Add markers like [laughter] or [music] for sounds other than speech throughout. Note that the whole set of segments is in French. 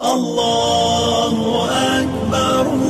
الله أكبر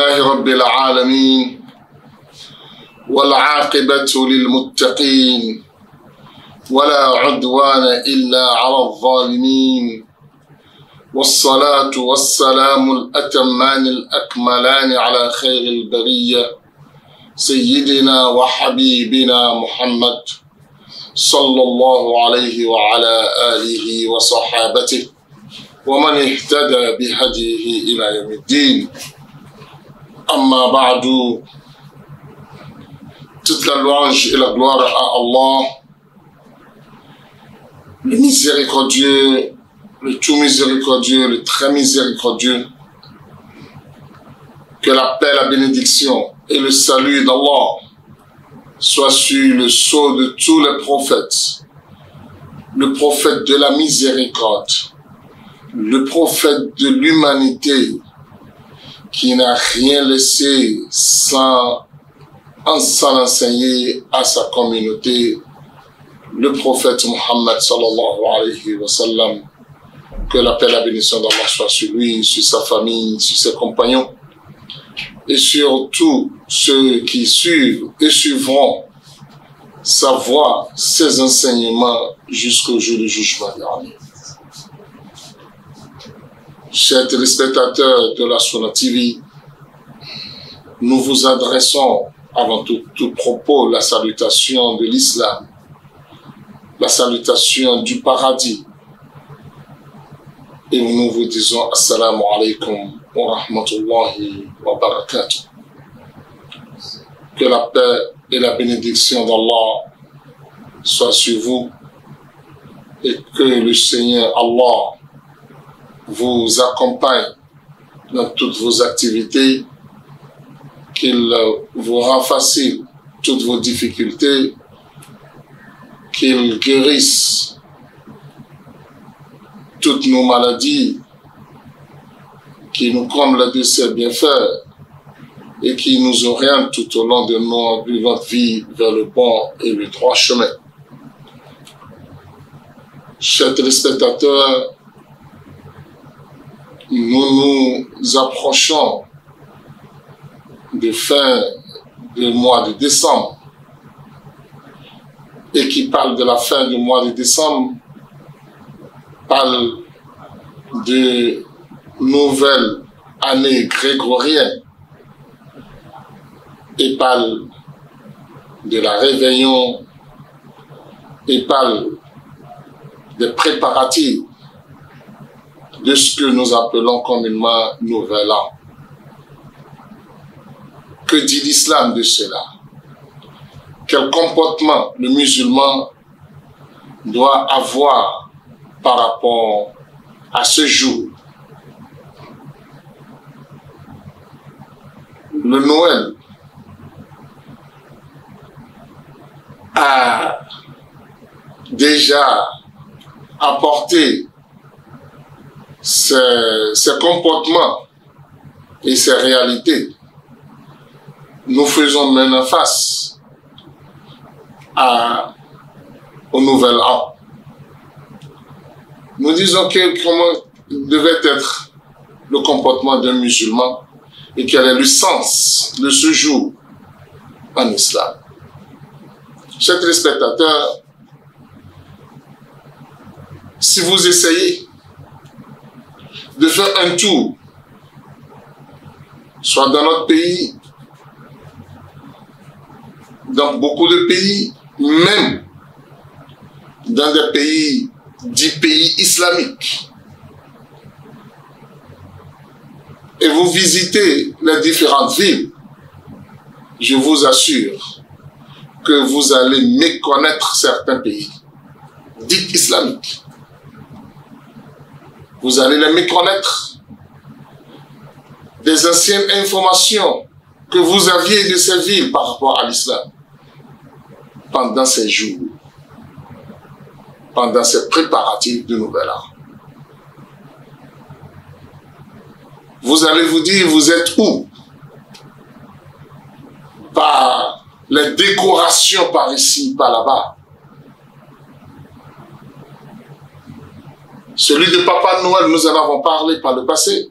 لله رب العالمين والعاقبة للمتقين ولا عدوان إلا على الظالمين والصلاة والسلام الأتمان الأكملان على خير البرية سيدنا وحبيبنا محمد صلى الله عليه وعلى آله وصحابته ومن اهتدى بهديه إلى يوم الدين Amma Toute la louange et la gloire à Allah, le miséricordieux, le tout miséricordieux, le très miséricordieux. Que la paix, la bénédiction et le salut d'Allah soient sur le sceau de tous les prophètes, le prophète de la miséricorde, le prophète de l'humanité, qui n'a rien laissé sans, sans enseigner à sa communauté, le prophète Mohammed sallallahu alayhi wa sallam, que la paix et la bénédiction d'Allah soit sur lui, sur sa famille, sur ses compagnons, et sur tous ceux qui suivent et suivront sa voix, ses enseignements jusqu'au jour du jugement dernier. Chers téléspectateurs de la Sona TV, nous vous adressons avant tout, propos la salutation de l'islam, la salutation du paradis. Et nous vous disons Assalamu alaikum wa rahmatullahi wa barakatuh. Que la paix et la bénédiction d'Allah soient sur vous et que le Seigneur Allah vous accompagne dans toutes vos activités, qu'il vous rend facile toutes vos difficultés, qu'il guérisse toutes nos maladies, qui nous comble de ses bienfaits et qui nous oriente tout au long de notre vie vers le bon et le droit chemin. Chers téléspectateurs, nous nous approchons de fin du mois de décembre et qui parle de la fin du mois de décembre parle de nouvelle année grégorienne et parle de la réveillon et parle des préparatifs de ce que nous appelons communément Nouvel An. Que dit l'islam de cela Quel comportement le musulman doit avoir par rapport à ce jour Le Noël a déjà apporté ces, comportements et ces réalités, nous faisons maintenant face à, au nouvel an. Nous disons quel comment devait être le comportement d'un musulman et quel est le sens de ce jour en islam. Chers téléspectateurs, si vous essayez de faire un tour, soit dans notre pays, dans beaucoup de pays, même dans des pays dits pays islamiques. Et vous visitez les différentes villes, je vous assure que vous allez méconnaître certains pays dits islamiques. Vous allez les méconnaître. Des anciennes informations que vous aviez de ces villes par rapport à l'islam pendant ces jours, pendant ces préparatifs de Nouvel An. Vous allez vous dire, vous êtes où Par les décorations par ici, par là-bas. Celui de Papa Noël, nous en avons parlé par le passé.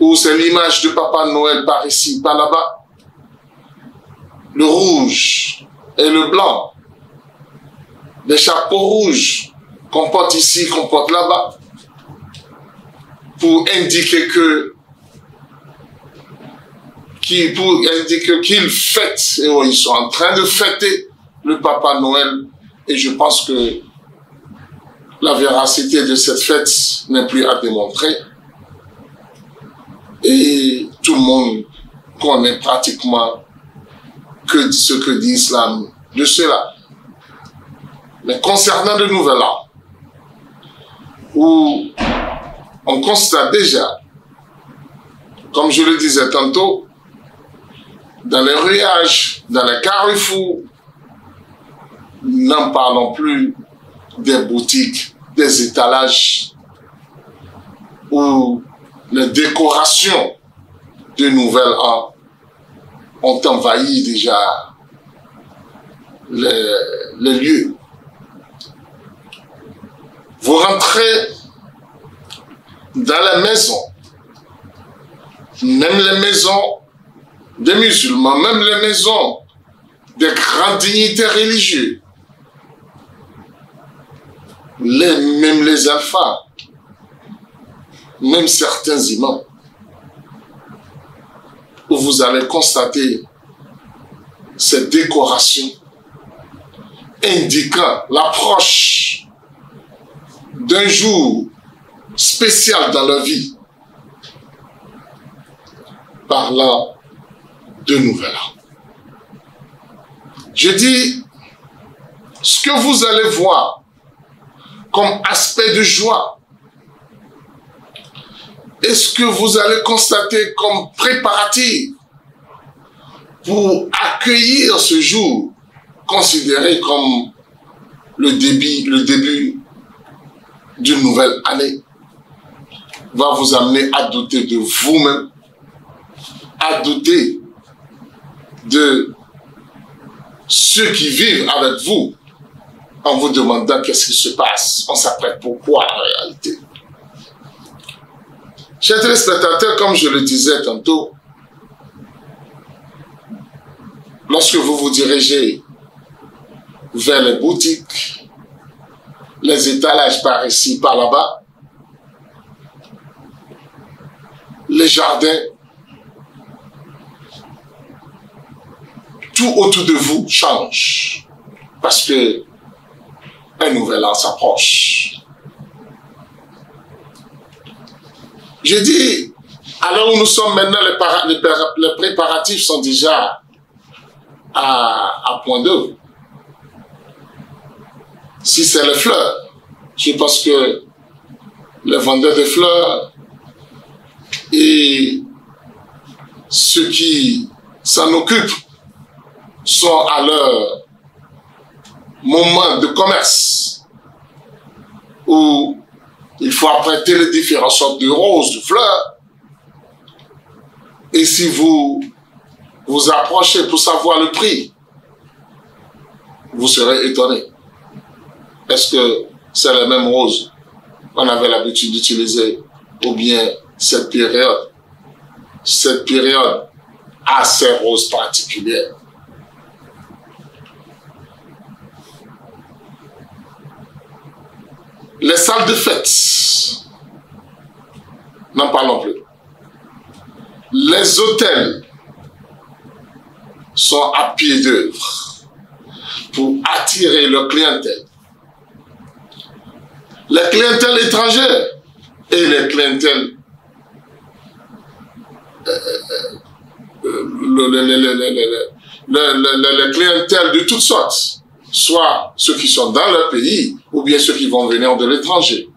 Ou c'est l'image de Papa Noël par ici, par là-bas. Le rouge et le blanc. Les chapeaux rouges qu'on porte ici, qu'on porte là-bas. Pour indiquer que pour indiquer qu'ils fêtent, et ils sont en train de fêter le Papa Noël. Et je pense que la véracité de cette fête n'est plus à démontrer. Et tout le monde connaît pratiquement que ce que dit l'islam de cela. Mais concernant de nouvel an, où on constate déjà, comme je le disais tantôt, dans les ruages, dans les carrefours, n'en parlons plus des boutiques, des étalages où les décorations de Nouvel An ont envahi déjà les, lieu. lieux. Vous rentrez dans la maison, même les maisons des musulmans, même les maisons des grandes dignités religieuses, même les alphas, même certains imams, où vous allez constater cette décoration indiquant l'approche d'un jour spécial dans leur vie, parlant de nouvelles Je dis, ce que vous allez voir comme aspect de joie. est ce que vous allez constater comme préparatif pour accueillir ce jour considéré comme le début, le début d'une nouvelle année va vous amener à douter de vous-même, à douter de ceux qui vivent avec vous, en vous demandant qu'est-ce qui se passe. On s'apprête pourquoi en réalité. Chers téléspectateurs, comme je le disais tantôt, lorsque vous vous dirigez vers les boutiques, les étalages par ici, par là-bas, les jardins, tout autour de vous change. Parce que un nouvel an s'approche. Je dis, à l'heure où nous sommes maintenant, les, préparatifs sont déjà à, point d'eau. Si c'est les fleurs, je pense que les vendeurs de fleurs et ceux qui s'en occupent sont à l'heure moment de commerce où il faut apprêter les différentes sortes de roses, de fleurs. Et si vous vous approchez pour savoir le prix, vous serez étonné. Est-ce que c'est la même rose qu'on avait l'habitude d'utiliser ou bien cette période, cette période a ses roses particulières Les salles de fête, n'en parlons plus. Les hôtels sont à pied d'œuvre pour attirer leur clientèle. Les clientèles étrangères et les clientèles clientèles de toutes sortes, soit ceux qui sont dans leur pays, ou bien ceux qui vont venir de l'étranger.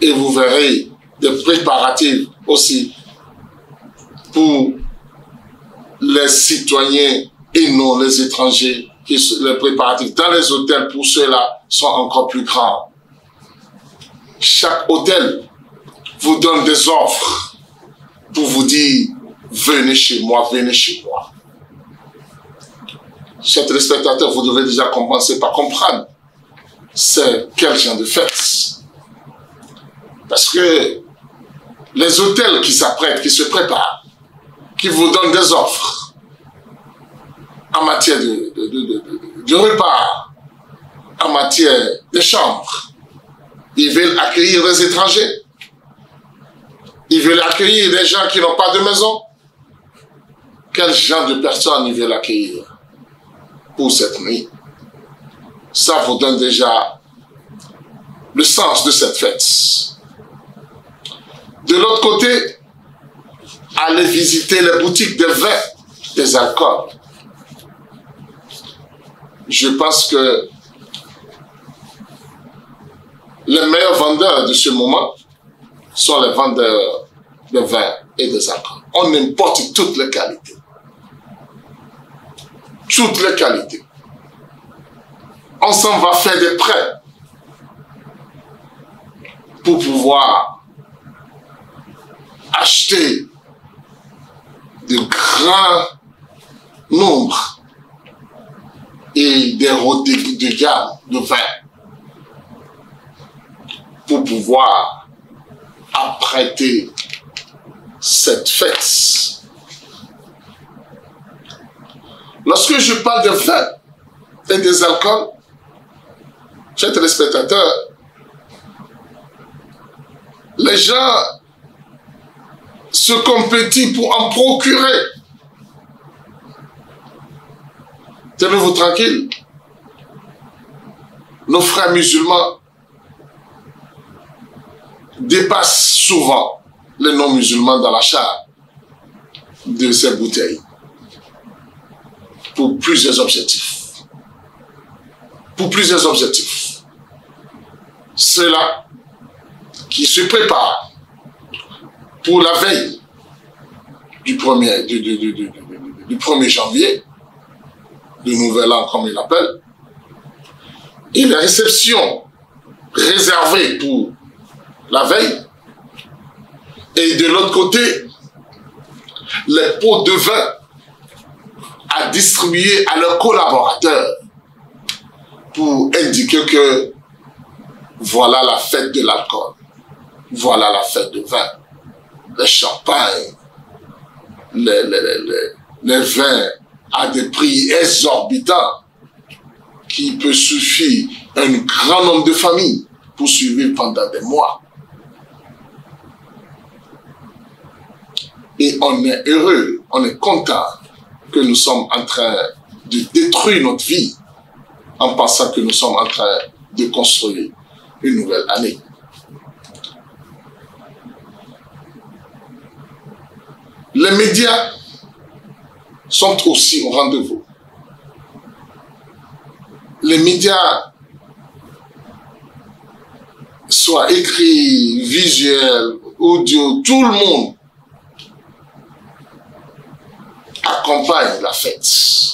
Et vous verrez des préparatifs aussi pour les citoyens et non les étrangers. les préparatifs dans les hôtels pour ceux-là sont encore plus grands. Chaque hôtel vous donne des offres pour vous dire venez chez moi, venez chez moi chers téléspectateurs, vous devez déjà commencer par comprendre c'est quel genre de fête. Parce que les hôtels qui s'apprêtent, qui se préparent, qui vous donnent des offres en matière de, repas, en matière de chambres, ils veulent accueillir des étrangers. Ils veulent accueillir des gens qui n'ont pas de maison. Quel genre de personnes ils veulent accueillir pour cette nuit. Ça vous donne déjà le sens de cette fête. De l'autre côté, allez visiter les boutiques de vin, des alcools. Je pense que les meilleurs vendeurs de ce moment sont les vendeurs de vin et des alcools. On importe toutes les qualités toutes les qualités. On s'en va faire des prêts pour pouvoir acheter de grands nombres et des rotés de gamme de vin pour pouvoir apprêter cette fête Lorsque je parle de vin et des alcools, chers téléspectateurs, les gens se compétissent pour en procurer. Tenez-vous tranquille. Nos frères musulmans dépassent souvent les non-musulmans dans l'achat de ces bouteilles pour plusieurs objectifs. Pour plusieurs objectifs. Ceux-là qui se prépare pour la veille du 1er, du, janvier, du Nouvel An comme il l'appelle, et la réception réservée pour la veille, et de l'autre côté, les pots de vin à distribuer à leurs collaborateurs pour indiquer que voilà la fête de l'alcool, voilà la fête de vin, le champagne, les, vins à des prix exorbitants qui peut suffire un grand nombre de familles pour survivre pendant des mois. Et on est heureux, on est content que nous sommes en train de détruire notre vie en pensant que nous sommes en train de construire une nouvelle année. Les médias sont aussi au rendez-vous. Les médias, soit écrits, visuels, audio, tout le monde accompagne la fête.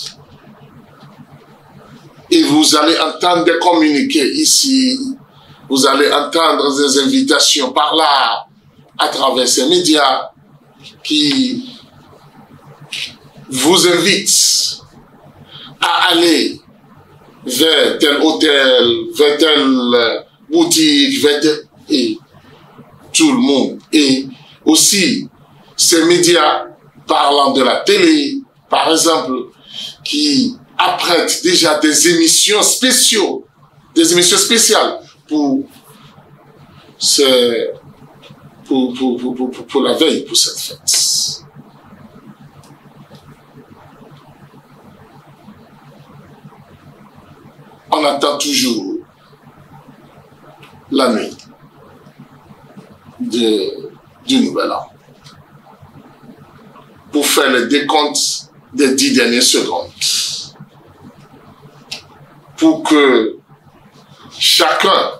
Et vous allez entendre des communiqués ici, vous allez entendre des invitations par là, à travers ces médias qui vous invitent à aller vers tel hôtel, vers telle boutique, vers Et tout le monde. Et aussi, ces médias parlant de la télé, par exemple, qui apprête déjà des émissions spéciaux, des émissions spéciales pour, pour, la veille, pour cette fête. On attend toujours la nuit de, du Nouvel An pour faire le décompte des dix dernières secondes. Pour que chacun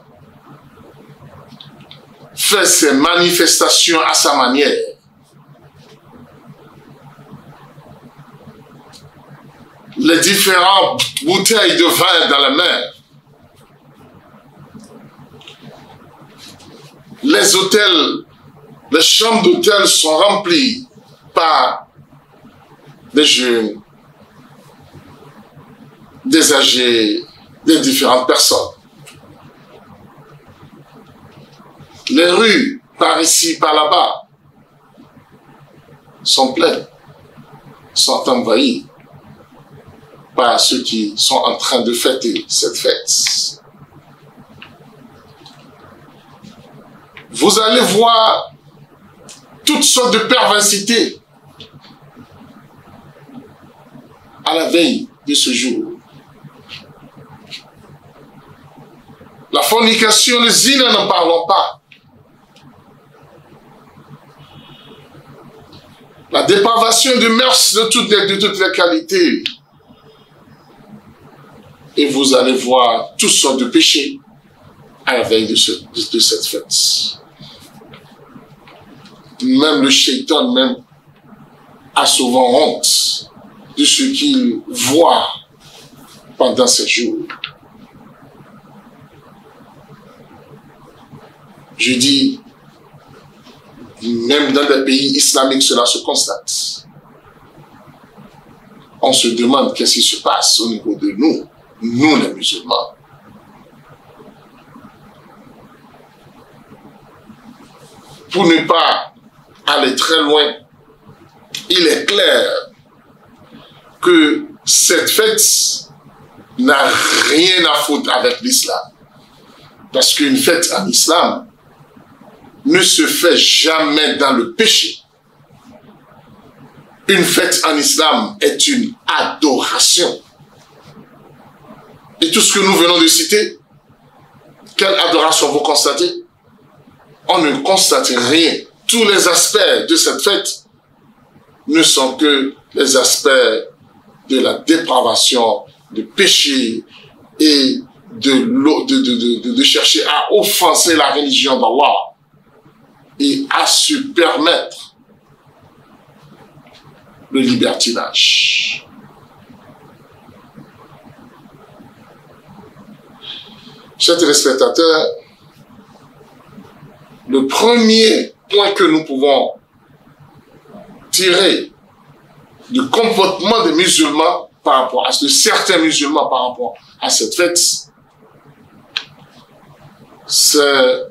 fasse ses manifestations à sa manière. Les différentes bouteilles de vin dans la mer. Les hôtels, les chambres d'hôtel sont remplies par des jeunes, des âgés, des différentes personnes. Les rues, par ici, par là-bas, sont pleines, sont envahies par ceux qui sont en train de fêter cette fête. Vous allez voir toutes sortes de perversités à la veille de ce jour. La fornication, les îles, n'en parlons pas. La dépravation de mœurs de toutes les, de toutes les qualités. Et vous allez voir toutes sortes de péchés à la veille de, cette fête. Même le shaitan, même, a souvent honte de ce qu'il voit pendant ces jours. Je dis, même dans des pays islamiques, cela se constate. On se demande qu'est-ce qui se passe au niveau de nous, nous les musulmans. Pour ne pas aller très loin, il est clair que cette fête n'a rien à foutre avec l'islam. Parce qu'une fête en islam ne se fait jamais dans le péché. Une fête en islam est une adoration. Et tout ce que nous venons de citer, quelle adoration vous constatez On ne constate rien. Tous les aspects de cette fête ne sont que les aspects la dépravation, de péché et de, de chercher à offenser la religion d'Allah et à se permettre le libertinage. Chers téléspectateurs, le premier point que nous pouvons tirer du comportement des musulmans par rapport à ce que certains musulmans par rapport à cette fête, c'est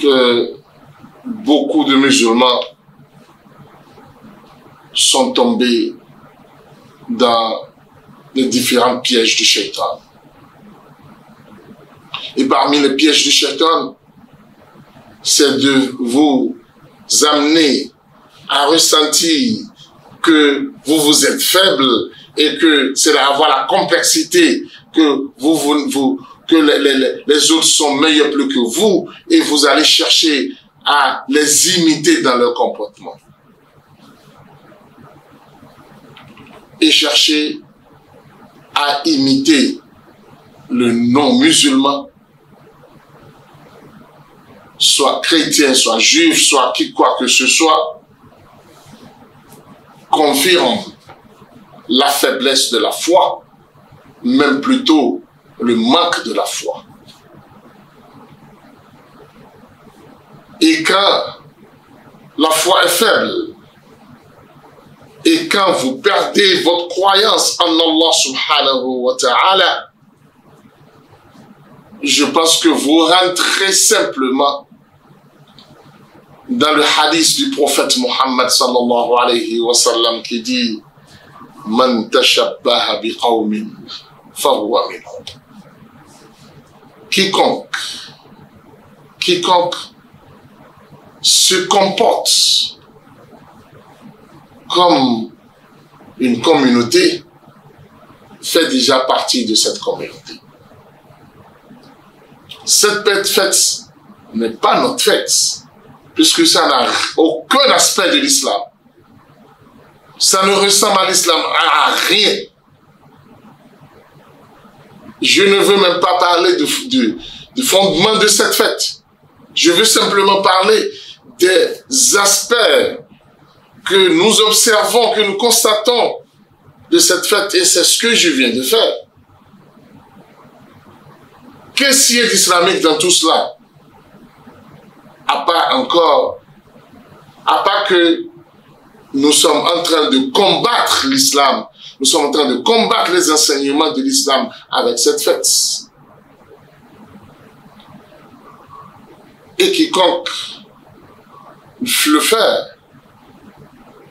que beaucoup de musulmans sont tombés dans les différents pièges du shaitan. Et parmi les pièges du shaitan, c'est de vous amener à ressentir que vous vous êtes faible et que c'est d'avoir la complexité que vous, vous, que les, les, autres sont meilleurs plus que vous et vous allez chercher à les imiter dans leur comportement. Et chercher à imiter le non-musulman, soit chrétien, soit juif, soit qui quoi que ce soit, confirme la faiblesse de la foi, même plutôt le manque de la foi. Et quand la foi est faible, et quand vous perdez votre croyance en Allah subhanahu wa ta'ala, je pense que vous rentrez simplement dans le hadith du prophète Mohammed sallallahu alayhi wa sallam qui dit Man tashabbaha Quiconque, se comporte comme une communauté fait déjà partie de cette communauté. Cette fête n'est pas notre fête puisque ça n'a aucun aspect de l'islam. Ça ne ressemble à l'islam à rien. Je ne veux même pas parler du fondement de cette fête. Je veux simplement parler des aspects que nous observons, que nous constatons de cette fête. Et c'est ce que je viens de faire. Qu'est-ce qui est islamique dans tout cela à part encore, à part que nous sommes en train de combattre l'islam, nous sommes en train de combattre les enseignements de l'islam avec cette fête. Et quiconque le fait,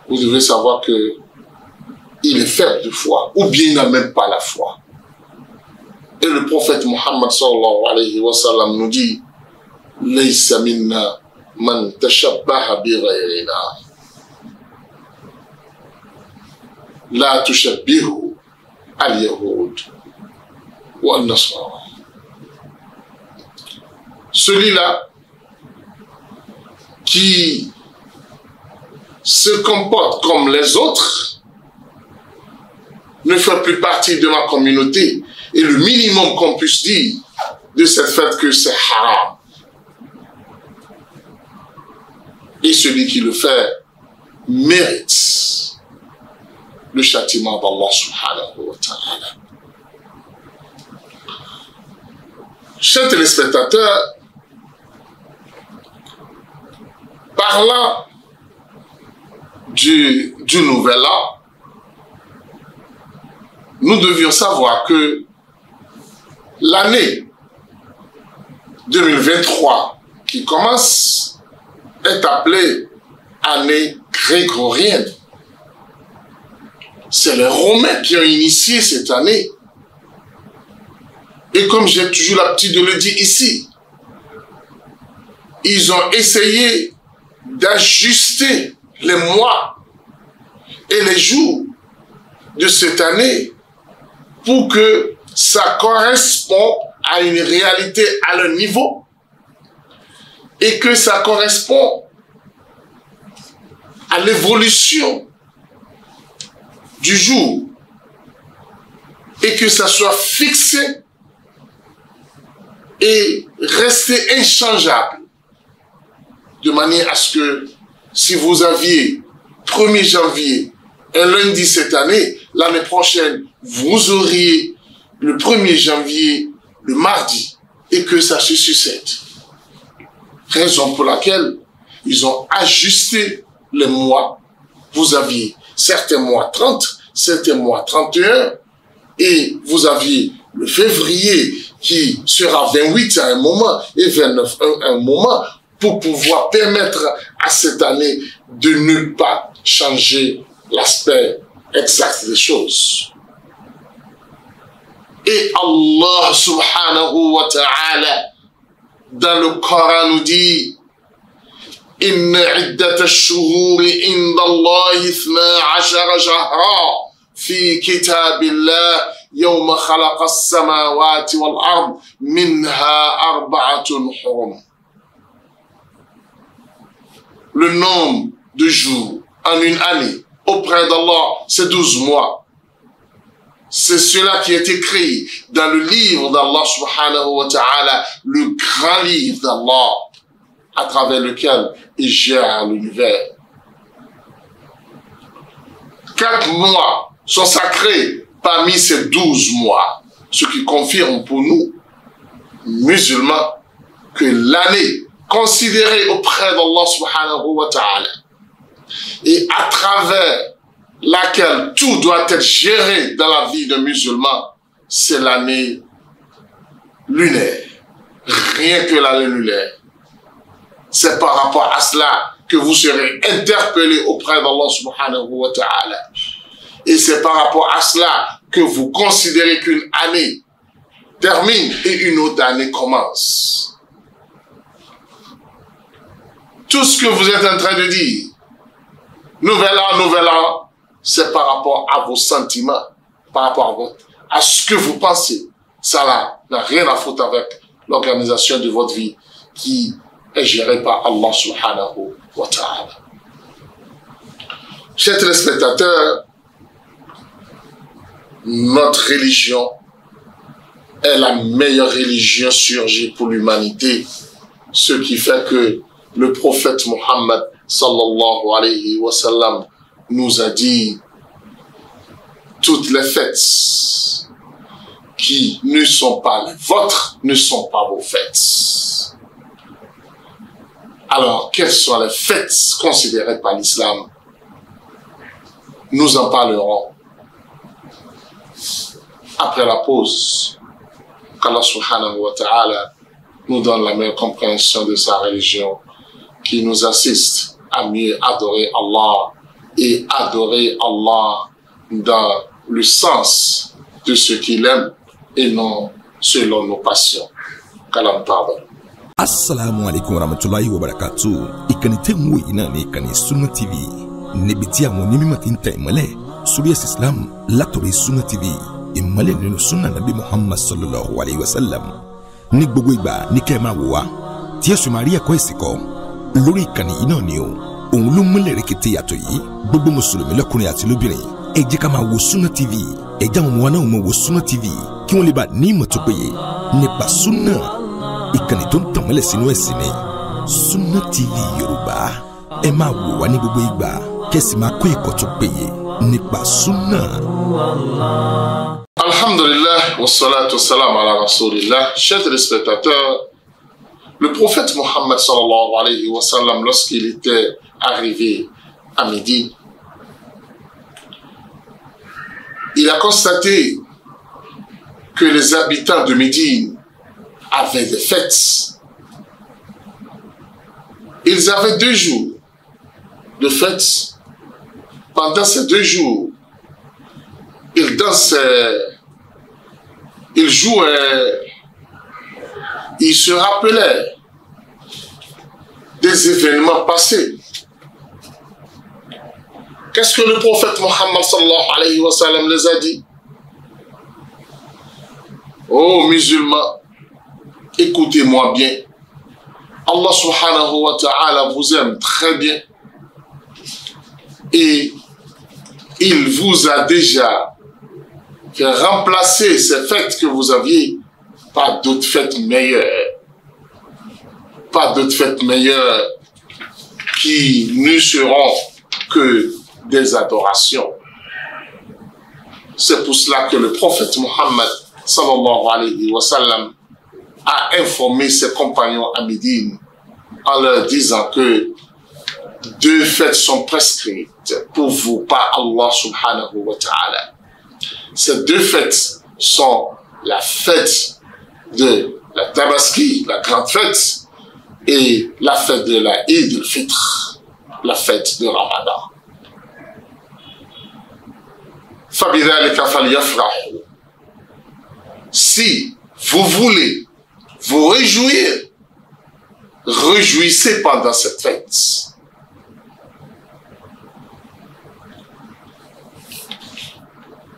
vous devez savoir que il est faible de foi, ou bien il n'a même pas la foi. Et le prophète Mohammed sallallahu alayhi wa nous dit la Celui-là qui se comporte comme les autres ne fait plus partie de ma communauté. Et le minimum qu'on puisse dire de cette fête que c'est haram. et celui qui le fait mérite le châtiment d'Allah subhanahu wa ta'ala. Chers téléspectateurs, parlant du, du nouvel an, nous devions savoir que l'année 2023 qui commence est appelée année grégorienne. C'est les Romains qui ont initié cette année. Et comme j'ai toujours l'habitude de le dire ici, ils ont essayé d'ajuster les mois et les jours de cette année pour que ça corresponde à une réalité à leur niveau et que ça correspond à l'évolution du jour et que ça soit fixé et rester inchangeable de manière à ce que si vous aviez 1er janvier un lundi cette année, l'année prochaine, vous auriez le 1er janvier le mardi et que ça se succède. Raison pour laquelle ils ont ajusté les mois. Vous aviez certains mois 30, certains mois 31, et vous aviez le février qui sera 28 à un moment et 29 à un moment pour pouvoir permettre à cette année de ne pas changer l'aspect exact des choses. Et Allah subhanahu wa ta'ala dans le Coran nous dit إن عدة الشهور عند الله اثنا عشر شهرا في كتاب الله يوم خلق السماوات والأرض منها أربعة حرم Le nombre de jours en une année auprès d'Allah, c'est 12 mois. C'est cela qui est écrit dans le livre d'Allah subhanahu wa ta'ala, le grand livre d'Allah, à travers lequel il gère l'univers. Quatre mois sont sacrés parmi ces douze mois, ce qui confirme pour nous, musulmans, que l'année considérée auprès d'Allah subhanahu wa ta'ala et à travers laquelle tout doit être géré dans la vie d'un musulman, c'est l'année lunaire. Rien que l'année lunaire. C'est par rapport à cela que vous serez interpellé auprès d'Allah subhanahu wa ta'ala. Et c'est par rapport à cela que vous considérez qu'une année termine et une autre année commence. Tout ce que vous êtes en train de dire, nouvel an, nouvel an, c'est par rapport à vos sentiments, par rapport à, ce que vous pensez. Ça n'a rien à foutre avec l'organisation de votre vie qui est gérée par Allah subhanahu wa ta'ala. Chers téléspectateurs, notre religion est la meilleure religion surgie pour l'humanité, ce qui fait que le prophète Mohammed sallallahu alayhi wa sallam nous a dit toutes les fêtes qui ne sont pas les vôtres ne sont pas vos fêtes. Alors, quelles sont les fêtes considérées par l'islam Nous en parlerons après la pause. Qu'Allah subhanahu wa ta'ala nous donne la meilleure compréhension de sa religion, qui nous assiste à mieux adorer Allah et adorer Allah dans le sens de ce qu'il aime et non selon nos passions. Kalam pardon. assalamu alaikum warahmatullahi rahmatullahi wa tẹ́ ń wò yìí náà ní ìkànnì Sunna TV níbi tí àwọn onímọ̀ ti ń suriyas islam látọ̀rọ̀ Sunna TV ni no sunna nabi muhammad sallallahu alayhi wa sallam ní gbogbo ìgbà ní kẹ́ ẹ máa wò wá tí ni o òun ló múlẹ̀ rẹ̀kẹ̀tẹ̀ yàtọ̀ yìí gbogbo mùsùlùmí lọ́kùnrin àti lóbìnrin ẹ jẹ́ ká máa wo Sunna TV ẹ jẹ́ àwọn ọmọ wa wo Sunna TV kí wọ́n lè bá ní ìmọ̀ tó péye nípa Sunna ìkànnì tó ń tàn mọ́lẹ̀ sínú ẹ̀sìn ni Sunna TV Yorùbá ẹ máa wò wá ní gbogbo ìgbà kẹ́sì máa kọ́ ẹ̀kọ́ tó péye nípa Sunna. alhamdulilah wasalaatu wasalaam ala rasulillah chers téléspectateurs le prophète Mohammed sallallahu alayhi wa sallam lorsqu'il était arrivé à midi, il a constaté que les habitants de Médine avaient des fêtes. Ils avaient deux jours de fêtes. Pendant ces deux jours, ils dansaient, euh, ils jouaient, euh, ils se rappelaient des événements passés. Qu'est-ce que le prophète Mohammed sallallahu alayhi wa sallam les a dit Oh musulmans, écoutez-moi bien. Allah subhanahu wa ta'ala vous aime très bien. Et il vous a déjà Remplacé ces fêtes que vous aviez par d'autres fêtes meilleures. Pas d'autres fêtes meilleures qui ne seront que des adorations. C'est pour cela que le prophète Mohammed a informé ses compagnons à Médine en leur disant que deux fêtes sont prescrites pour vous par Allah subhanahu wa ta'ala. Ces deux fêtes sont la fête de la Tabaski, la grande fête, et la fête de la Eid al-Fitr, la fête de Ramadan. Si vous voulez vous réjouir, réjouissez pendant cette fête.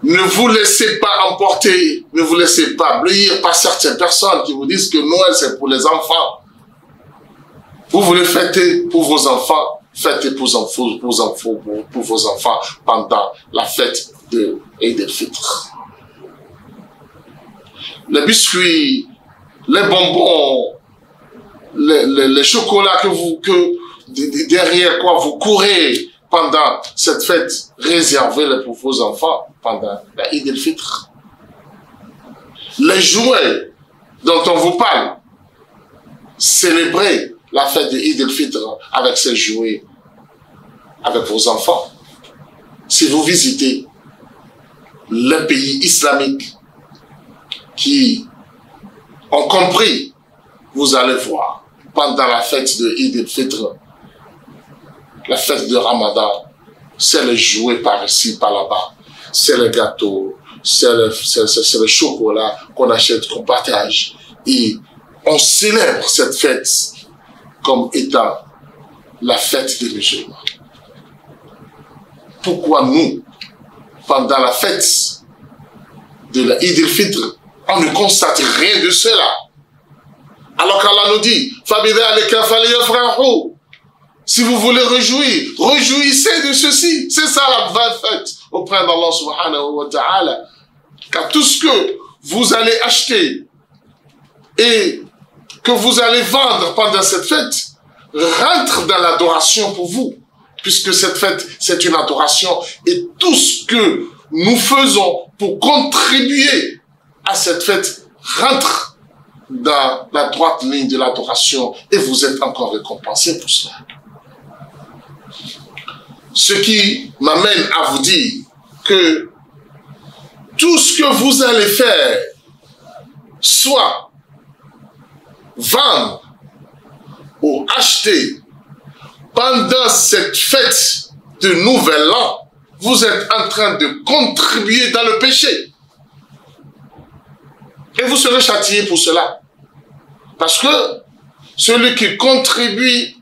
Ne vous laissez pas emporter, ne vous laissez pas bléir par certaines personnes qui vous disent que Noël c'est pour les enfants. Vous voulez fêter pour vos enfants, fêtez pour, enfants, pour vos enfants pendant la fête de Eid al Les biscuits, les bonbons, les, les, chocolats que vous, que, derrière quoi vous courez pendant cette fête réservez les pour vos enfants pendant la ben, Eid Les jouets dont on vous parle, célébrez la fête de Eid avec ces jouets, avec vos enfants. Si vous visitez les pays islamiques qui ont compris, vous allez voir, pendant la fête de Eid la fête de Ramadan, c'est le jouet par ici, par là-bas, c'est le gâteau, c'est le, le, chocolat qu'on achète, qu'on partage. Et on célèbre cette fête comme étant la fête des musulmans. Pourquoi nous, pendant la fête de l'Eid fitr on ne constate rien de cela. Alors qu'Allah nous dit, si vous voulez réjouir, réjouissez de ceci. C'est ça la vraie fête auprès d'Allah subhanahu wa ta'ala. Car tout ce que vous allez acheter et que vous allez vendre pendant cette fête rentre dans l'adoration pour vous puisque cette fête, c'est une adoration. Et tout ce que nous faisons pour contribuer à cette fête rentre dans la droite ligne de l'adoration et vous êtes encore récompensé pour cela. Ce qui m'amène à vous dire que tout ce que vous allez faire, soit vendre ou acheter pendant cette fête de Nouvel An, vous êtes en train de contribuer dans le péché. Et vous serez châtié pour cela. Parce que celui qui contribue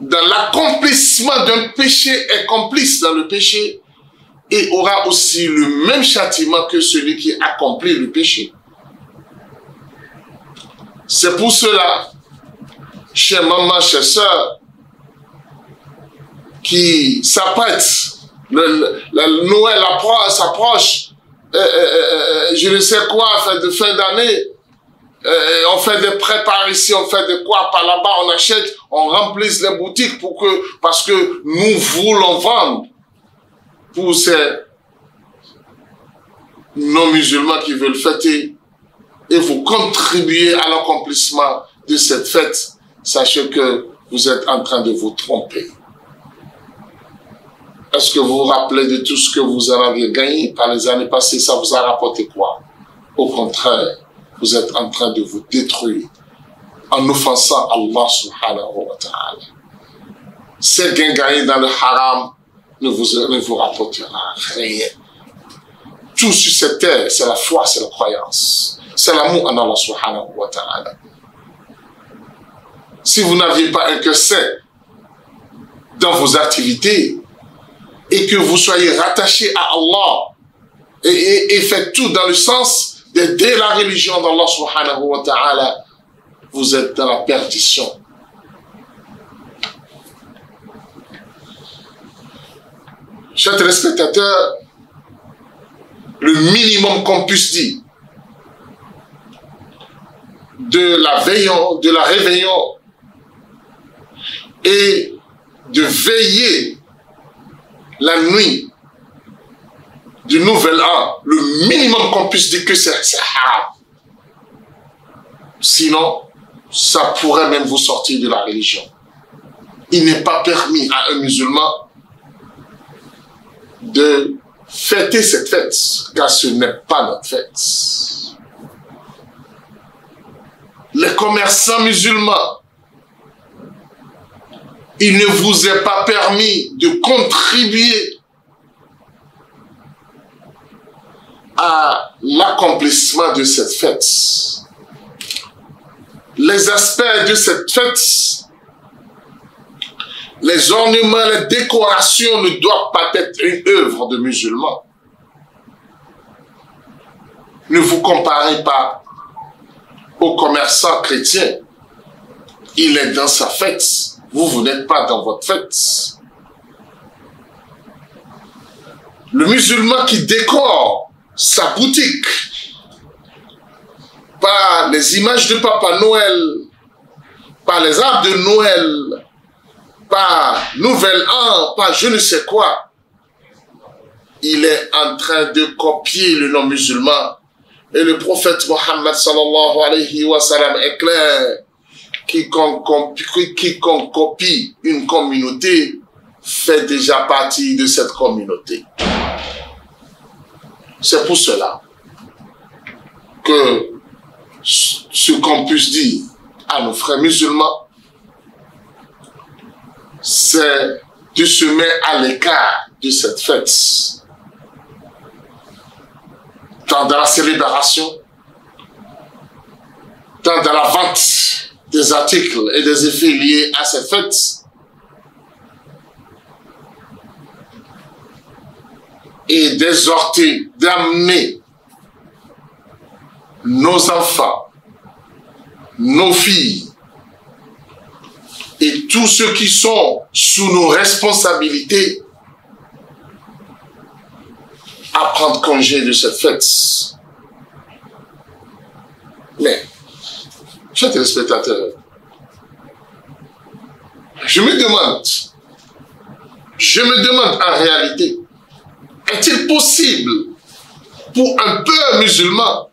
dans l'accomplissement d'un péché est complice dans le péché et aura aussi le même châtiment que celui qui accomplit le péché. C'est pour cela chers mamans, chers soeur, qui s'apprêtent, le, Noël s'approche, je ne sais quoi, fin de fin d'année, on fait des préparations, on fait des quoi par là-bas, on achète, on remplit les boutiques pour que, parce que nous voulons vendre pour ces non-musulmans qui veulent fêter et vous contribuer à l'accomplissement de cette fête sachez que vous êtes en train de vous tromper. Est-ce que vous vous rappelez de tout ce que vous avez gagné par les années passées Ça vous a rapporté quoi Au contraire, vous êtes en train de vous détruire en offensant Allah subhanahu wa ta'ala. Ces gains gagnés dans le haram ne vous, ne vous rapportera rien. Tout sur cette terre, c'est la foi, c'est la croyance. C'est l'amour en Allah subhanahu wa ta'ala si vous n'aviez pas un cœur sain dans vos activités et que vous soyez rattaché à Allah et, et, faites tout dans le sens d'aider la religion d'Allah subhanahu vous êtes dans la perdition. Chers téléspectateurs, le minimum qu'on puisse dire de la veillance, de la et de veiller la nuit du nouvel an, le minimum qu'on puisse dire que c'est haram. Sinon, ça pourrait même vous sortir de la religion. Il n'est pas permis à un musulman de fêter cette fête, car ce n'est pas notre fête. Les commerçants musulmans il ne vous est pas permis de contribuer à l'accomplissement de cette fête. Les aspects de cette fête, les ornements, les décorations ne doivent pas être une œuvre de musulmans. Ne vous comparez pas aux commerçants chrétiens. Il est dans sa fête vous, vous n'êtes pas dans votre fête. Le musulman qui décore sa boutique par les images de Papa Noël, par les arbres de Noël, par Nouvel An, par je ne sais quoi, il est en train de copier le nom musulman Et le prophète Mohammed sallallahu alayhi wa est clair quiconque, copie une communauté fait déjà partie de cette communauté. C'est pour cela que ce qu'on puisse dire à nos frères musulmans, c'est de se mettre à l'écart de cette fête. Tant dans la célébration, tant dans la vente des articles et des effets liés à ces fêtes. Et d'exhorter, d'amener nos enfants, nos filles et tous ceux qui sont sous nos responsabilités à prendre congé de ces fêtes. Mais Chers téléspectateurs, je me demande, je me demande en réalité, est-il possible pour un peuple musulman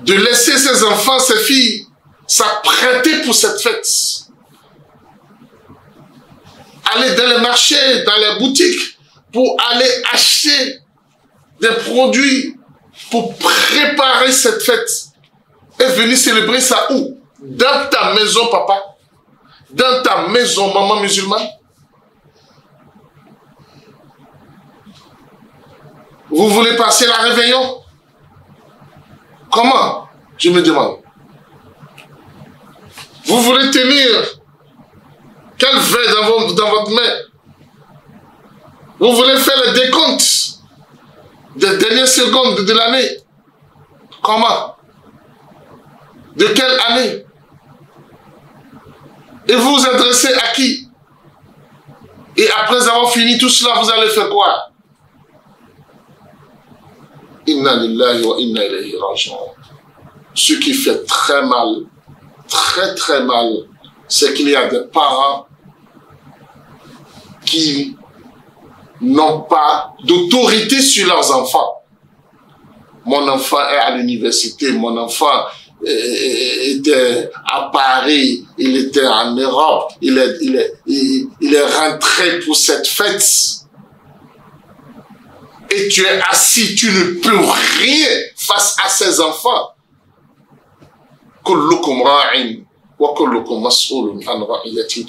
de laisser ses enfants, ses filles s'apprêter pour cette fête Aller dans les marchés, dans les boutiques pour aller acheter des produits pour préparer cette fête est venu célébrer ça où Dans ta maison, papa. Dans ta maison, maman musulmane. Vous voulez passer la réveillon Comment Je me demande. Vous voulez tenir quel veille dans votre main Vous voulez faire le décompte des dernières secondes de l'année Comment de quelle année Et vous vous adressez à qui Et après avoir fini tout cela, vous allez faire quoi Inna lillahi wa inna Ce qui fait très mal, très très mal, c'est qu'il y a des parents qui n'ont pas d'autorité sur leurs enfants. Mon enfant est à l'université, mon enfant était à Paris, il était en Europe, il est, il est, il, est rentré pour cette fête. Et tu es assis, tu ne peux rien face à ses enfants. Tu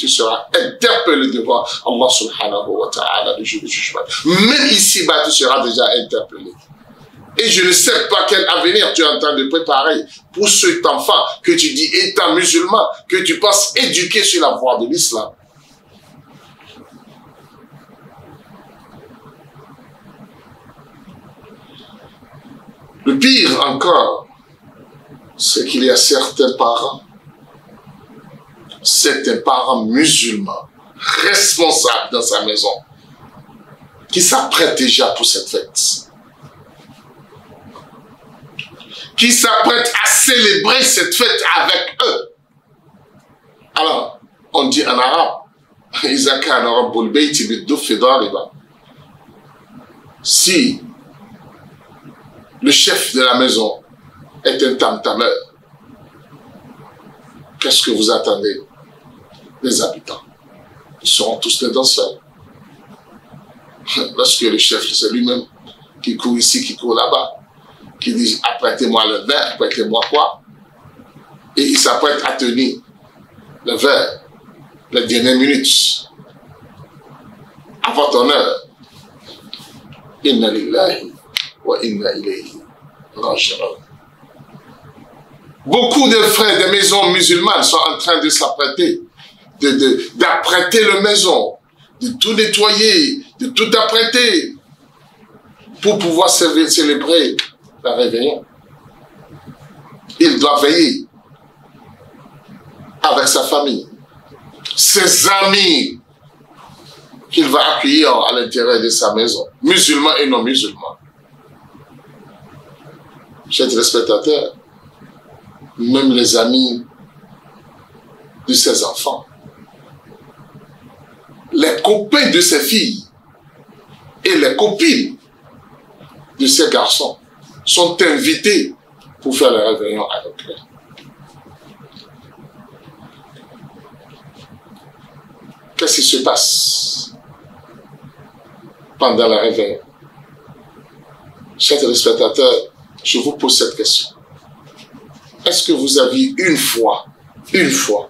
seras interpellé devant Allah subhanahu wa ta'ala le jour du jugement. Même ici-bas, tu seras déjà interpellé. Et je ne sais pas quel avenir tu es en train de préparer pour cet enfant que tu dis étant musulman, que tu passes éduquer sur la voie de l'islam. Le pire encore, c'est qu'il y a certains parents, certains parents musulmans responsables dans sa maison qui s'apprêtent déjà pour cette fête. qui s'apprête à célébrer cette fête avec eux. Alors, on dit en arabe, [laughs] si le chef de la maison est un tam-tameur qu'est-ce que vous attendez des habitants Ils seront tous des danseurs. [laughs] que le chef, c'est lui-même qui court ici, qui court là-bas, qui disent apprêtez-moi le verre, apprêtez-moi quoi Et ils s'apprêtent à tenir le verre, les dernières minutes, à votre honneur. Inna lillahi wa inna ilayhi Beaucoup de frères des maisons musulmanes sont en train de s'apprêter, d'apprêter de, maison, de tout nettoyer, de tout apprêter pour pouvoir célébrer la réveillant. Il doit veiller avec sa famille, ses amis qu'il va accueillir à l'intérieur de sa maison, musulmans et non musulmans. Chers téléspectateurs, même les amis de ses enfants, les copains de ses filles et les copines de ses garçons sont invités pour faire la réveillon avec eux. Qu'est-ce qui se passe pendant la réveillon Chers téléspectateurs, je vous pose cette question. Est-ce que vous aviez une fois, une fois,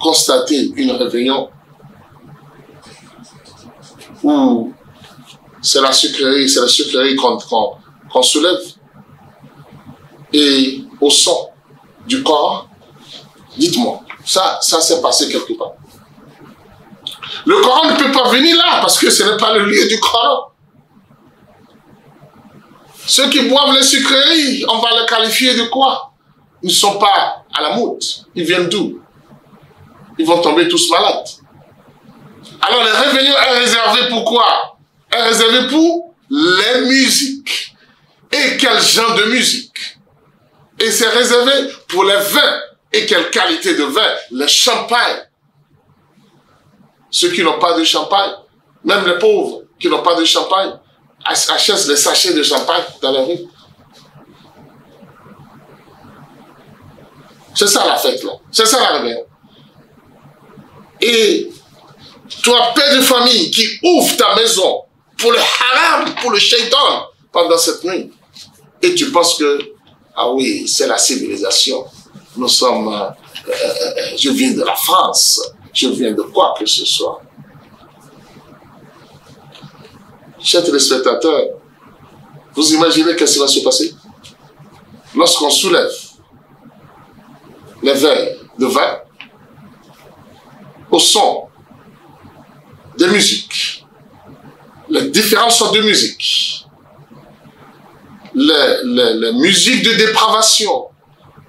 constaté une réveillon où c'est la sucrerie, c'est la sucrerie qu'on qu soulève et au son du corps, dites-moi, ça, ça s'est passé quelque part. Le Coran ne peut pas venir là parce que ce n'est pas le lieu du Coran. Ceux qui boivent les sucreries, on va les qualifier de quoi Ils ne sont pas à la moute. Ils viennent d'où Ils vont tomber tous malades. Alors le revenu est réservé pour quoi Est réservé pour les musiques. Et quel genre de musique et c'est réservé pour les vins. Et quelle qualité de vin Le champagne. Ceux qui n'ont pas de champagne, même les pauvres qui n'ont pas de champagne, achètent les sachets de champagne dans la rue. C'est ça la fête, là. C'est ça la réveille. Et toi, père de famille, qui ouvre ta maison pour le haram, pour le shaitan pendant cette nuit, et tu penses que ah oui, c'est la civilisation. Nous sommes, euh, euh, euh, je viens de la France, je viens de quoi que ce soit. Chers téléspectateurs, vous imaginez qu'est-ce qui va se passer Lorsqu'on soulève les verres de vin au son des musiques, les différentes sortes de musiques les, musique musiques de dépravation,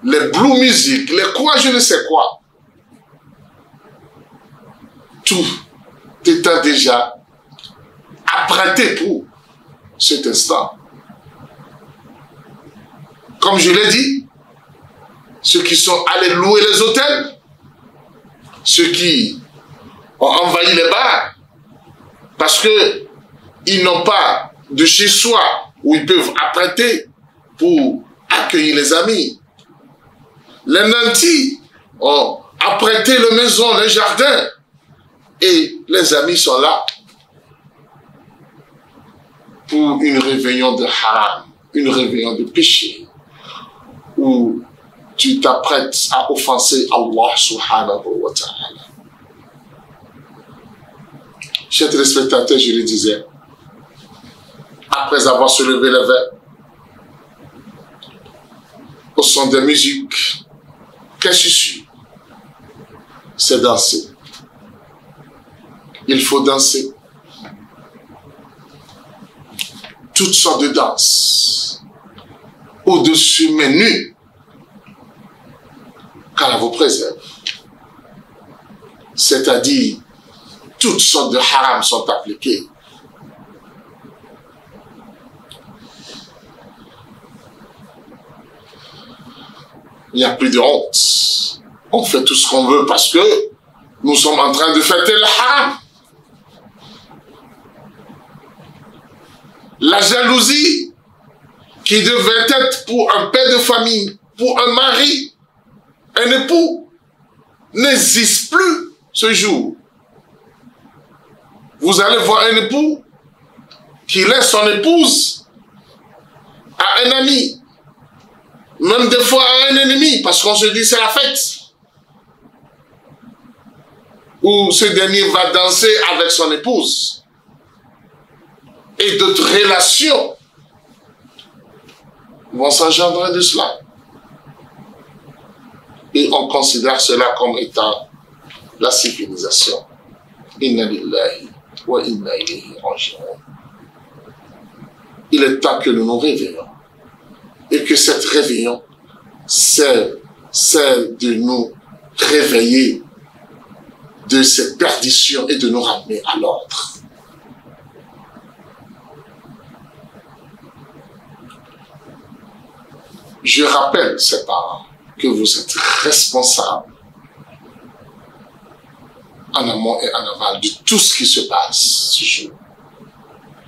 les blues music, les quoi, je ne sais quoi. Tout était déjà apprêté pour cet instant. Comme je l'ai dit, ceux qui sont allés louer les hôtels, ceux qui ont envahi les bars, parce que ils n'ont pas de chez soi où ils peuvent apprêter pour accueillir les amis. Les nantis ont apprêté les maison, les jardins, et les amis sont là pour une réveillon de haram, une réveillon de péché, où tu t'apprêtes à offenser Allah subhanahu wa ta'ala. Chers téléspectateurs, je le disais, après avoir soulevé le verre, au son de musique, qu'est-ce que c'est C'est danser. Il faut danser. Toutes sortes de danses. Au-dessus, mais nues. elle vous préserve. C'est-à-dire, toutes sortes de harams sont appliquées il n'y a plus de honte. On fait tout ce qu'on veut parce que nous sommes en train de fêter le ha. La jalousie qui devait être pour un père de famille, pour un mari, un époux, n'existe plus ce jour. Vous allez voir un époux qui laisse son épouse à un ami même des fois à un ennemi, parce qu'on se dit c'est la fête. Où ce dernier va danser avec son épouse. Et d'autres relations vont s'engendrer de cela. Et on considère cela comme étant la civilisation. Il est temps que nous nous réveillons et que cette réveillon, celle de nous réveiller de cette perdition et de nous ramener à l'ordre. Je rappelle, ces parents, que vous êtes responsables en amont et en aval de tout ce qui se passe ce jour.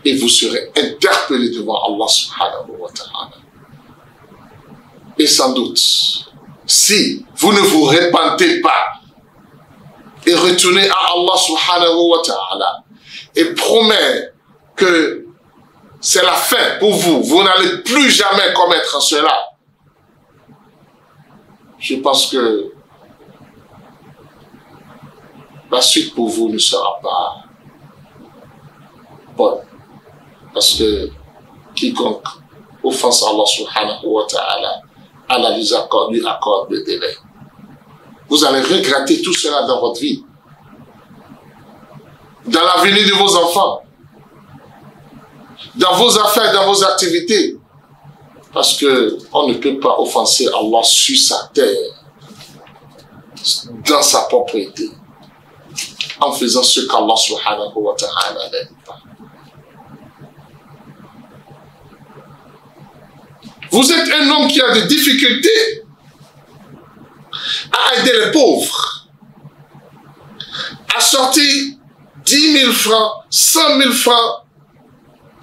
Et vous serez interpellé devant Allah subhanahu wa ta'ala et sans doute, si vous ne vous répandez pas et retournez à Allah subhanahu wa ta'ala et promet que c'est la fin pour vous, vous n'allez plus jamais commettre cela, je pense que la suite pour vous ne sera pas bonne. Parce que quiconque offense Allah subhanahu wa ta'ala à la accorde accord de délai. Vous allez regretter tout cela dans votre vie, dans l'avenir de vos enfants, dans vos affaires, dans vos activités, parce que on ne peut pas offenser Allah sur sa terre, dans sa propriété, en faisant ce qu'Allah subhanahu wa ta'ala n'aime pas. Vous êtes un homme qui a des difficultés à aider les pauvres, à sortir 10 000 francs, 100 000 francs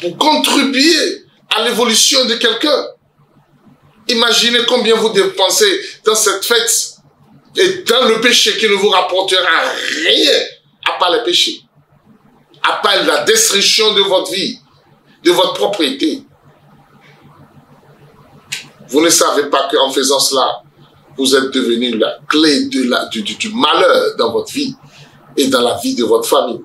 pour contribuer à l'évolution de quelqu'un. Imaginez combien vous dépensez dans cette fête et dans le péché qui ne vous rapportera rien à part le péché, à part la destruction de votre vie, de votre propriété, vous ne savez pas qu'en faisant cela, vous êtes devenu la clé du malheur dans votre vie et dans la vie de votre famille.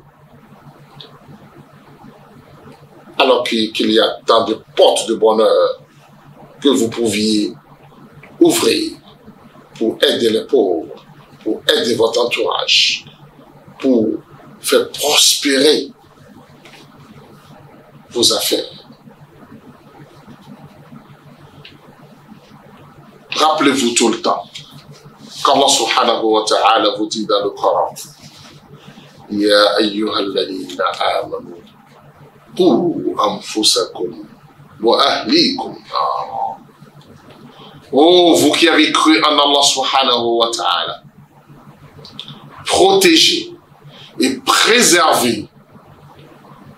Alors qu'il y a tant de portes de bonheur que vous pouviez ouvrir pour aider les pauvres, pour aider votre entourage, pour faire prospérer vos affaires. Rappelez-vous tout le temps qu'Allah subhanahu wa ta'ala vous dit dans le Qur'an. Oh, vous qui avez cru en Allah subhanahu wa ta'ala, protégez et préservez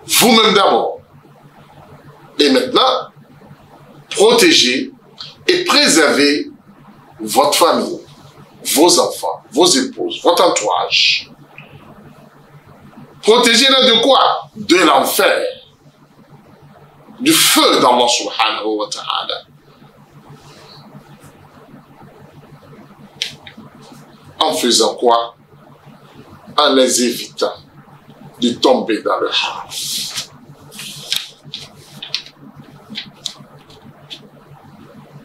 vous-même d'abord. Et maintenant, protégez et préservez votre famille, vos enfants, vos épouses, votre entourage. Protégez-les de quoi De l'enfer. Du feu d'Allah subhanahu wa ta'ala. En faisant quoi En les évitant de tomber dans le haram.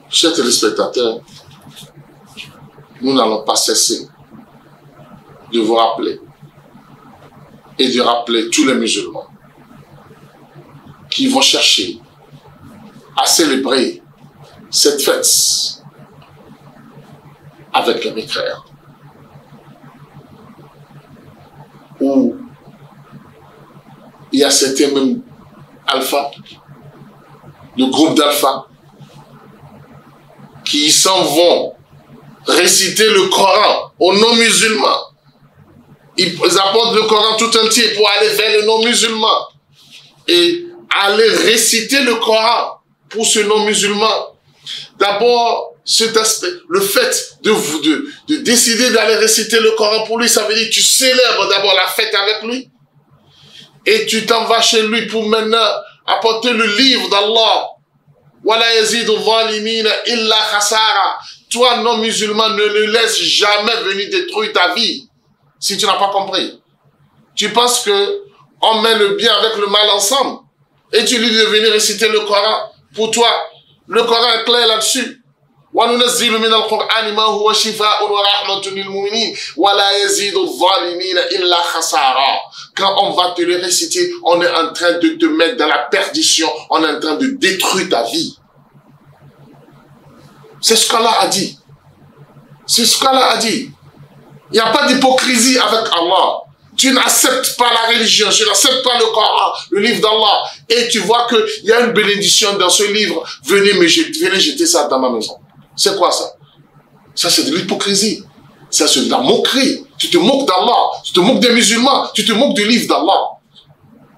Chers téléspectateurs, nous n'allons pas cesser de vous rappeler et de rappeler tous les musulmans qui vont chercher à célébrer cette fête avec les mécréants où il y a certains même alpha, le groupe d'alpha, qui s'en vont réciter le Coran aux non-musulmans. Ils apportent le Coran tout entier pour aller vers les non-musulmans. Et aller réciter le Coran pour ce non-musulman. D'abord, cet aspect, le fait de, de, de décider d'aller réciter le Coran pour lui, ça veut dire que tu célèbres d'abord la fête avec lui. Et tu t'en vas chez lui pour maintenant apporter le livre d'Allah. Toi, non musulman, ne le laisse jamais venir détruire ta vie si tu n'as pas compris. Tu penses que on met le bien avec le mal ensemble et tu lui dis de venir réciter le Coran pour toi. Le Coran est clair là-dessus. Quand on va te le réciter, on est en train de te mettre dans la perdition, on est en train de détruire ta vie. C'est ce qu'Allah a dit. C'est ce qu'Allah a dit. Il n'y a pas d'hypocrisie avec Allah. Tu n'acceptes pas la religion, tu n'acceptes pas le Coran, le livre d'Allah. Et tu vois qu'il y a une bénédiction dans ce livre. Venez, me jeter, jeter ça dans ma maison. C'est quoi ça Ça, c'est de l'hypocrisie. Ça, c'est de la moquerie. Tu te moques d'Allah. Tu te moques des musulmans. Tu te moques du livre d'Allah.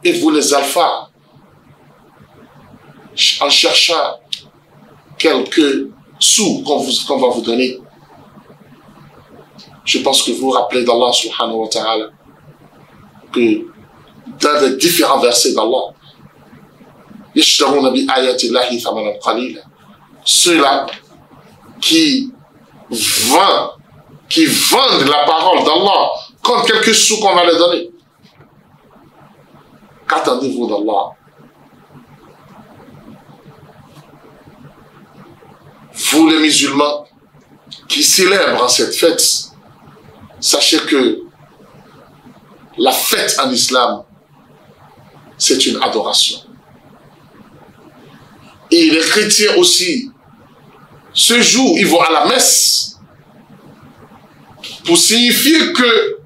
Et vous, les alphas, en cherchant quelques sous qu'on va vous donner, je pense que vous vous rappelez d'Allah subhanahu wa que dans les différents versets d'Allah, ceux-là qui vendent, qui vendent la parole d'Allah contre quelques sous qu'on va leur donner. Qu'attendez-vous d'Allah vous les musulmans qui célèbrent cette fête, sachez que la fête en islam, c'est une adoration. Et les chrétiens aussi, ce jour, ils vont à la messe pour signifier que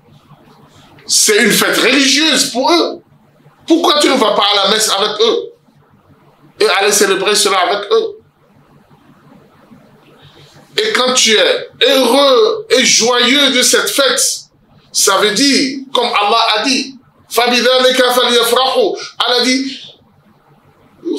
c'est une fête religieuse pour eux. Pourquoi tu ne vas pas à la messe avec eux et aller célébrer cela avec eux et quand tu es heureux et joyeux de cette fête, ça veut dire, comme Allah a dit, Allah dit,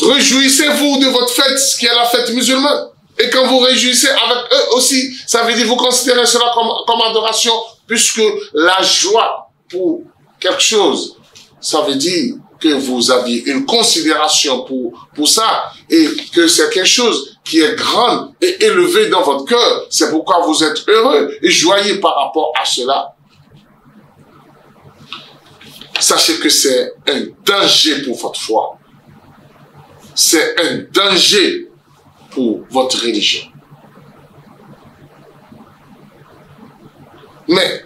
réjouissez-vous de votre fête, qui est la fête musulmane. Et quand vous réjouissez avec eux aussi, ça veut dire vous considérez cela comme, comme adoration, puisque la joie pour quelque chose, ça veut dire que vous aviez une considération pour, pour ça et que c'est quelque chose qui est grande et élevée dans votre cœur. C'est pourquoi vous êtes heureux et joyeux par rapport à cela. Sachez que c'est un danger pour votre foi. C'est un danger pour votre religion. Mais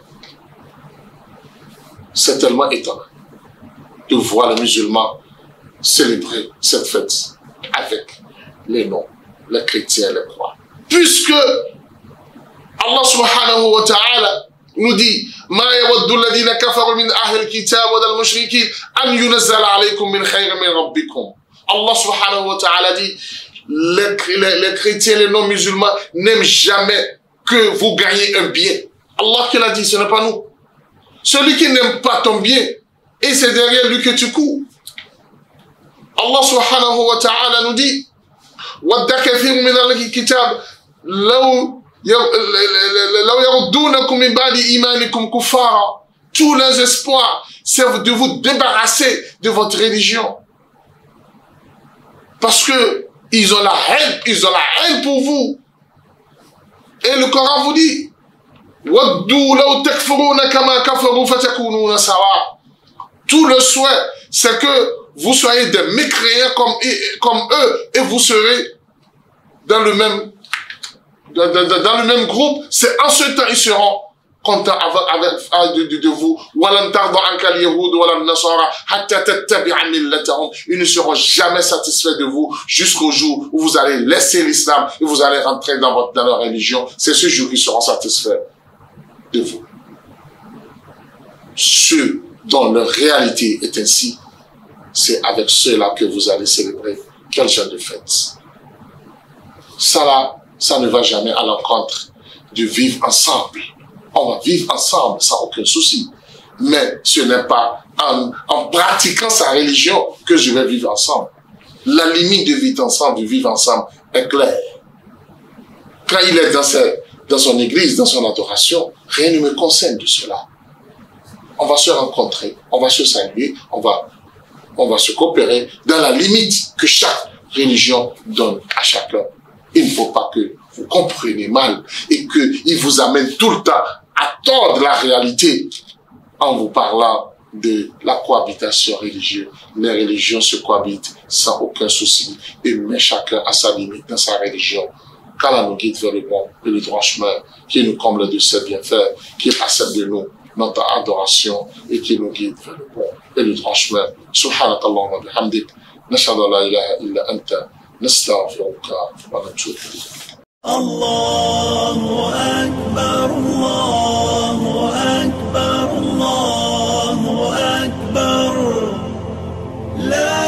c'est tellement étonnant de voir les musulmans célébrer cette fête avec les noms la le croit. Puisque Allah subhanahu wa ta'ala nous dit Ma yawaddu يود kafaru min من kitab wa dal mushriki an yunazzal alaykum min khayr min rabbikum » Allah subhanahu wa ta'ala dit les, le, le chrétiens, les non-musulmans n'aiment jamais que vous gagnez un bien. Allah qui l'a dit, ce n'est pas nous. Celui qui n'aime pas ton bien, et c'est derrière lui que tu cours. Allah subhanahu wa ta'ala nous dit tous les espoirs servent de vous débarrasser de votre religion parce que ils ont la haine ils ont la haine pour vous et le Coran vous dit tout le souhait c'est que vous soyez des mécréants comme, comme eux et vous serez dans le même, dans, dans, dans le même groupe. C'est en ce temps ils seront contents avec, de, vous. Ils ne seront jamais satisfaits de vous jusqu'au jour où vous allez laisser l'islam et vous allez rentrer dans, votre, dans leur religion. C'est ce jour qu'ils seront satisfaits de vous. Ceux dont leur réalité est ainsi c'est avec ceux-là que vous allez célébrer quel genre de fête. Ça là, ça ne va jamais à l'encontre du vivre ensemble. On va vivre ensemble sans aucun souci. Mais ce n'est pas en, en, pratiquant sa religion que je vais vivre ensemble. La limite de vivre ensemble, de vivre ensemble, est claire. Quand il est dans, sa, dans son église, dans son adoration, rien ne me concerne de cela. On va se rencontrer, on va se saluer, on va on va se coopérer dans la limite que chaque religion donne à chacun. Il ne faut pas que vous compreniez mal et qu'il vous amène tout le temps à tordre la réalité en vous parlant de la cohabitation religieuse. Les religions se cohabitent sans aucun souci et met chacun à sa limite dans sa religion. Qu'Allah nous guide vers le bon et le droit chemin, qui nous comble de ses bienfaits, qui accepte de nous notre adoration et qui nous guide vers le bon العشواء سبحانك اللهم وبحمدك نشهد لا إله إلا أنت نستغفرك ونتوب إليك الله أكبر الله أكبر الله أكبر لا